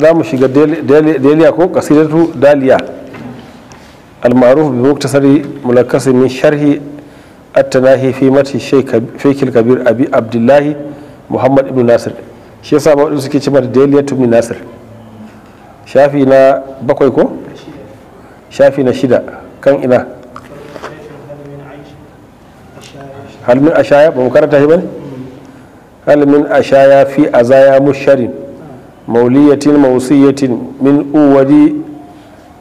za mu shiga daliya ko kasidatu daliya al-ma'ruf bi muktasari mulakasi min sharhi at-tanahi fi mati shaykh kabir abi abdullahi muhammad ibn nasir shi yasa ba wadanda suke ce mata daliya tumi nasir shafi na bakwai ko shafi na shida kan ina halmin ashaya ba mu karanta shi bane halmin ashaya fi azaya musharin mauliyatin mausiyatin min uwadi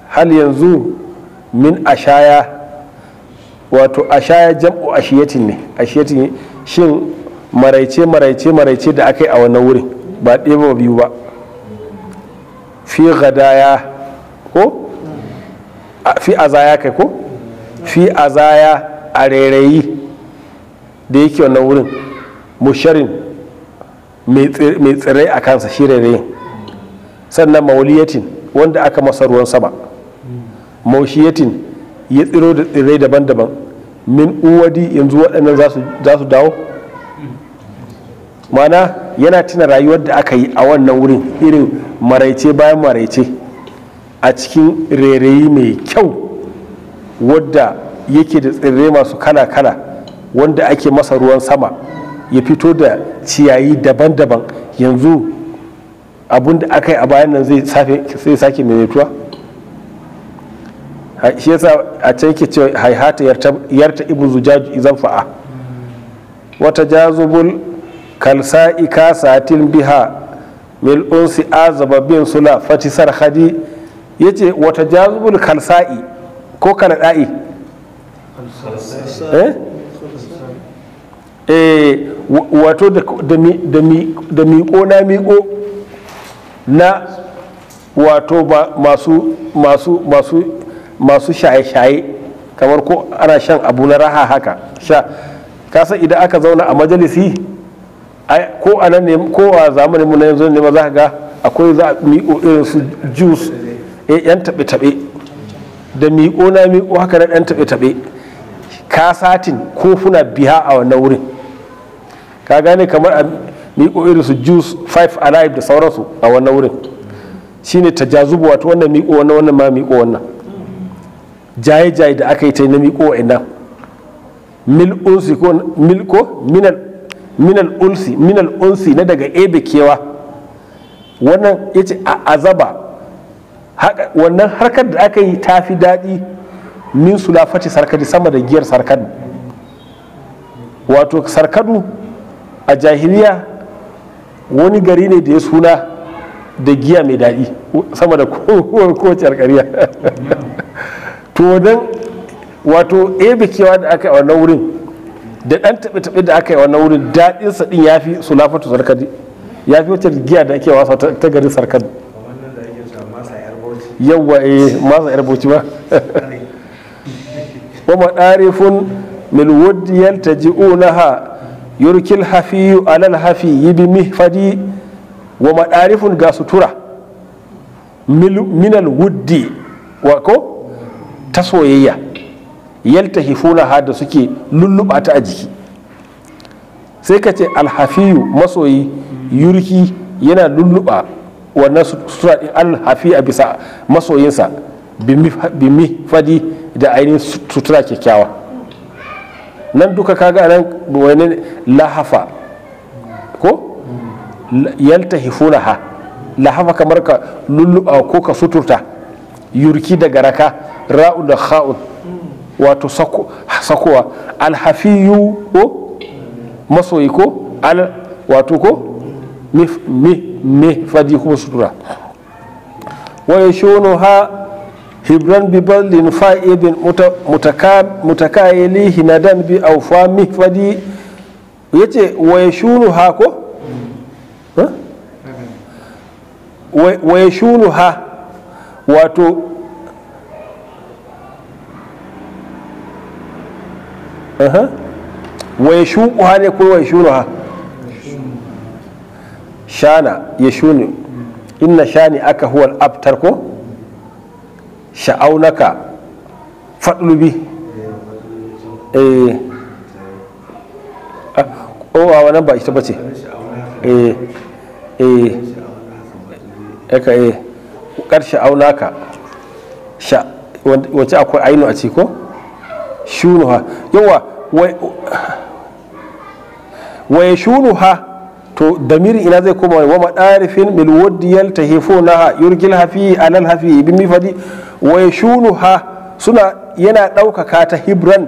hal yanzu min ashaya wato ashaya jam'u ashiyatin ne ashiyatin shin maraice maraice maraice da aka yi a wannan wurin ba ɗaya ba biyu ba fi gadaya ko fi azaya kai ko fi azaya a rairayi da yake wannan wurin musharin mai tsirrai a kansa shi sannan mauliyatin wanda aka masa ruwan sama maushiyatin ya tsiro da tsirai daban-daban min uwadi yanzu waɗannan za su dawo mana yana tina rayuwar da aka yi a wannan wurin irin maraice bayan maraice a cikin rereyi mai kyau wadda yake da tsirrai masu kala-kala wanda ake masa ruwan sama ya fito da ciyayi daban-daban yanzu abun da aka yi a bayan nan zai sake maimaituwa shi yasa a can yake ce haihata yarta ibu zujaju izan fa'a wata jazubul kalsa'i kasatin biha mil unsi azaba bin sula fati sarhadi yace wata jazubul kalsa'i ko kalada'i Eh, wato da miƙo na miƙo na wato masu shaye-shaye kamar ko ana shan abu na raha haka sha kasa idan aka zauna a majalisi ko a nan ne ko a zamanin mu na yanzu ne ma za ka ga akwai za a miƙo irin su juice eh, yan taɓe-taɓe da miƙo na miƙo haka na ɗan taɓe-taɓe kasatin kofuna biya a wannan wurin ka gane kamar a miƙo irin su juice five alive da sauransu a wannan wurin shine tajazubu wato wannan miƙo wannan wannan ma miƙo wannan jaye jaye da aka yi ta na miƙo wa'annan mil unsi ko mil ko minal minal unsi minal unsi na daga ebe kewa wannan yace a azaba wannan harkar da aka yi ta fi daɗi min sulafati sarkadi sama da giyar sarkadi wato sarkadu a jahiliya wani gari ne da ya suna da giya mai daɗi sama da kowace alkariya to don wato ebe kewa da aka yi wannan wurin da ɗan taɓe-taɓe da aka yi wannan wurin daɗin sa ɗin ya fi sulafatu sarkadi ya fi wacce giya da ake wasa ta garin sarkadi yawwa eh masa yar bauchi ba wa madarifun min na ha yurkil alhafi alal hafi bi mihfadi wa madarifun ga sutura minal wuddi wa ko ta soyayya yaltahifuna ha da suke lulluɓa ta a jiki sai ka ce alhafiyu masoyi yurki yana lulluɓa wannan sutura ɗin alhafi a bisa masoyinsa bi fadi da ainihin sutura kyakkyawa nan duka kaga nan wani lahafa ko yalta hifuna ha lahafa kamar ka lulluɓa ko ka suturta yurki daga raka ra'u da kha'u wato sakowa alhafiyu ko masoyi ko al wato ko me fadi kuma sutura wa ha. hibran bi ballin fa'ibin mutakayili hinadan bi aufa mihfadi yace wa yashunu ko wa yashunu ha wato uh-huh. wa yashuqu ha ne ko wa yashunu ha shana yashuni inna shani aka huwa al-abtar ko sha'aunaka faɗulubi eh ah, owa oh, wannan ba ita bace eh eh aka eh kar sha'aulaka wace akwai ainu a ciko shunuha yawa wai shunuha to miri ina zai koma wa madarifin mil wadiyal tahifunaha yurgil hafi alal hafi ibn mifadi wa yashunuha suna yana ɗaukaka ta hibran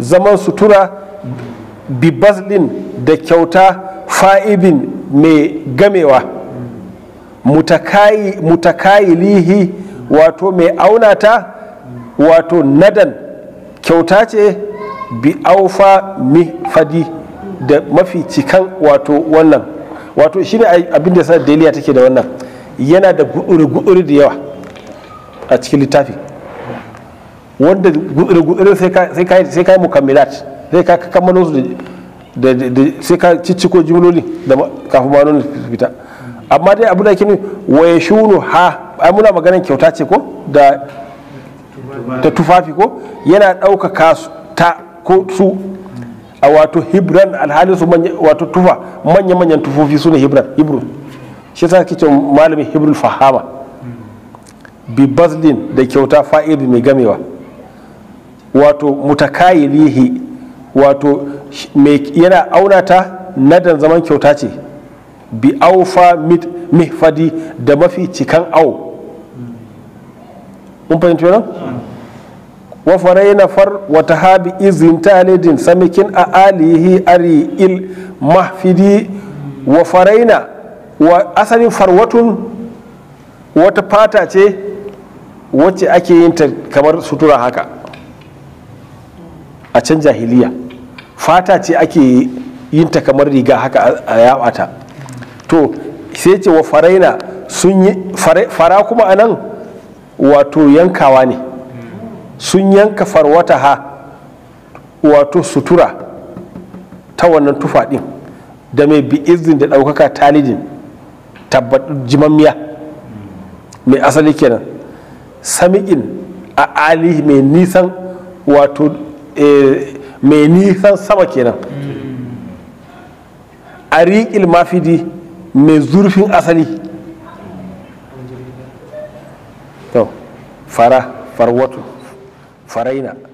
zaman sutura ɗin da kyauta fa'ibin mai gamewa mutakayilihi wato mai ta wato nadan kyauta ce bi aufa mifadi da mafi cikan wato wannan wato shi ne abin da sa daliya take da wannan yana da gudure-gudure da yawa a cikin littafi wanda gudure-gudure sai ka yi mukammilat sai ka kammalo su da sai ka cicciko jimloli da kafin ma'anonin fita amma dai abu da ke ne shunu ha ai muna maganar kyauta ce ko da tufafi ko yana ɗaukaka ta ko su a wato hibran alhali su wato tufa manya manyan tufofi su ne hibran hibru shi kike malamin hibrul fahama bi bazlin da kyauta fa'idi mai gamewa wato mutakayilihi wato yana aunata nadan zaman kyauta ce bi aufa mihfadi da mafi cikan au mun fahimci wannan wa faraina far wa tahabi izin talidin samikin a alihi ari il mahfidi wa faraina wa asalin farwatun wata fata ce wacce ake yin ta kamar sutura haka a can jahiliya fata ce ake yin ta kamar riga haka a yawata to sai ce wa faraina sun yi fara kuma anan wato yankawa ne sun yanka farwata ha wato sutura ta wannan tufa da mai bi izin da ɗaukaka talijin tabbatar jimammiya mai asali kenan sami'in a ali mai nisan wato eh, mai nisan sama kenan a riƙil mafidi mai zurfin asali fara farwatu فرينا